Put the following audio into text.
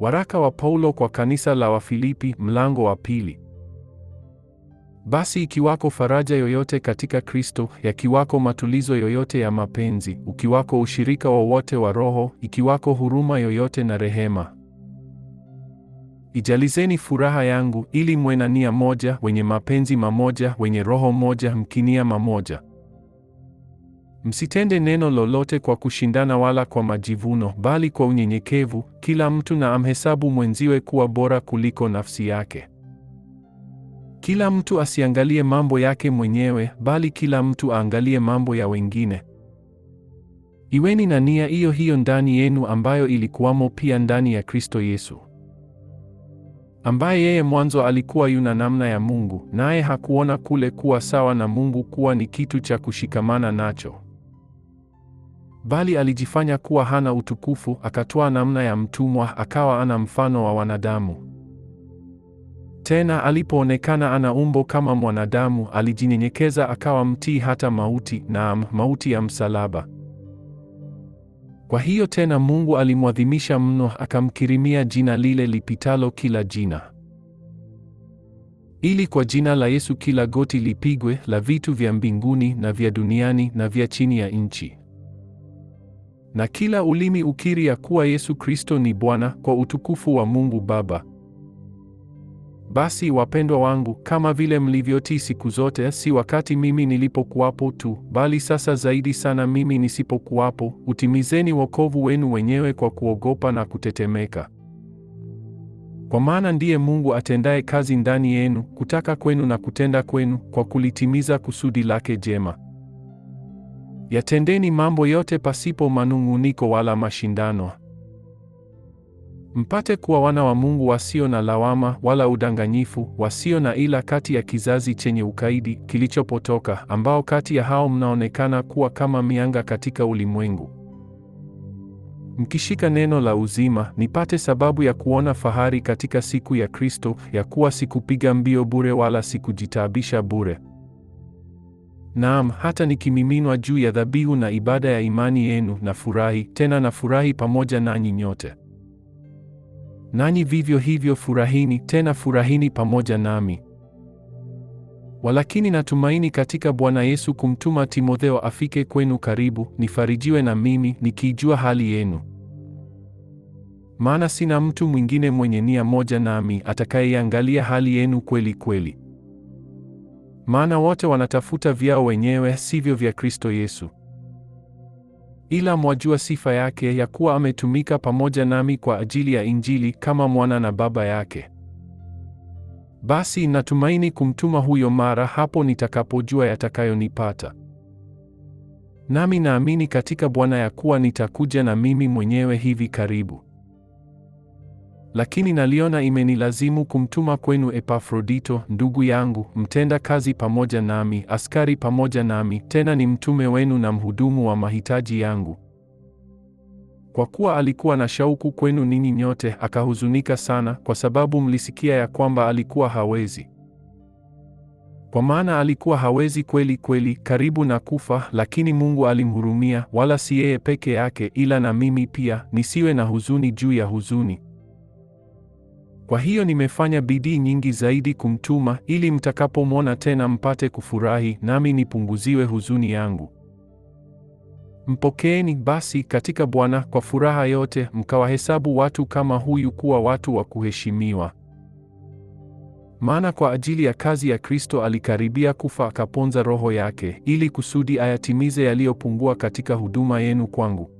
Waraka wa Paulo kwa kanisa la Wafilipi mlango wa pili. Basi ikiwako faraja yoyote katika Kristo, yakiwako matulizo yoyote ya mapenzi, ukiwako ushirika wowote wa, wa Roho, ikiwako huruma yoyote na rehema, ijalizeni furaha yangu, ili mwe na nia moja, wenye mapenzi mamoja, wenye roho moja, mkinia mamoja. Msitende neno lolote kwa kushindana wala kwa majivuno, bali kwa unyenyekevu, kila mtu na amhesabu mwenziwe kuwa bora kuliko nafsi yake. Kila mtu asiangalie mambo yake mwenyewe, bali kila mtu aangalie mambo ya wengine. Iweni na nia hiyo hiyo ndani yenu ambayo ilikuwamo pia ndani ya Kristo Yesu, ambaye yeye mwanzo alikuwa yuna namna ya Mungu, naye hakuona kule kuwa sawa na Mungu kuwa ni kitu cha kushikamana nacho bali alijifanya kuwa hana utukufu, akatoa namna ya mtumwa, akawa ana mfano wa wanadamu. Tena alipoonekana ana umbo kama mwanadamu, alijinyenyekeza akawa mtii hata mauti, naam, mauti ya msalaba. Kwa hiyo tena Mungu alimwadhimisha mno, akamkirimia jina lile lipitalo kila jina, ili kwa jina la Yesu kila goti lipigwe, la vitu vya mbinguni na vya duniani na vya chini ya nchi na kila ulimi ukiri ya kuwa Yesu Kristo ni Bwana kwa utukufu wa Mungu Baba. Basi wapendwa wangu, kama vile mlivyotii siku zote, si wakati mimi nilipokuwapo tu, bali sasa zaidi sana mimi nisipokuwapo, utimizeni wokovu wenu wenyewe kwa kuogopa na kutetemeka. Kwa maana ndiye Mungu atendaye kazi ndani yenu, kutaka kwenu na kutenda kwenu, kwa kulitimiza kusudi lake jema. Yatendeni mambo yote pasipo manung'uniko wala mashindano, mpate kuwa wana wa Mungu wasio na lawama wala udanganyifu, wasio na ila kati ya kizazi chenye ukaidi kilichopotoka, ambao kati ya hao mnaonekana kuwa kama mianga katika ulimwengu, mkishika neno la uzima, nipate sababu ya kuona fahari katika siku ya Kristo, ya kuwa sikupiga mbio bure wala sikujitaabisha bure. Naam, hata nikimiminwa juu ya dhabihu na ibada ya imani yenu, nafurahi tena, nafurahi pamoja nanyi nyote. Nanyi vivyo hivyo furahini, tena furahini pamoja nami. Walakini natumaini katika Bwana Yesu kumtuma Timotheo afike kwenu karibu, nifarijiwe na mimi, nikijua hali yenu. Maana sina mtu mwingine mwenye nia moja nami atakayeangalia hali yenu kweli kweli maana wote wanatafuta vyao wenyewe, sivyo vya Kristo Yesu. Ila mwajua sifa yake ya kuwa ametumika pamoja nami kwa ajili ya Injili kama mwana na baba yake. Basi natumaini kumtuma huyo mara hapo nitakapojua yatakayonipata. Nami naamini katika Bwana ya kuwa nitakuja na mimi mwenyewe hivi karibu lakini naliona imenilazimu kumtuma kwenu Epafrodito ndugu yangu, mtenda kazi pamoja nami, askari pamoja nami, tena ni mtume wenu na mhudumu wa mahitaji yangu. Kwa kuwa alikuwa na shauku kwenu ninyi nyote, akahuzunika sana, kwa sababu mlisikia ya kwamba alikuwa hawezi. Kwa maana alikuwa hawezi kweli kweli, karibu na kufa, lakini Mungu alimhurumia, wala si yeye peke yake, ila na mimi pia, nisiwe na huzuni juu ya huzuni. Kwa hiyo nimefanya bidii nyingi zaidi kumtuma, ili mtakapomwona tena mpate kufurahi, nami nipunguziwe huzuni yangu. Mpokeeni basi katika Bwana kwa furaha yote, mkawahesabu watu kama huyu kuwa watu wa kuheshimiwa. Maana kwa ajili ya kazi ya Kristo alikaribia kufa akaponza roho yake, ili kusudi ayatimize yaliyopungua katika huduma yenu kwangu.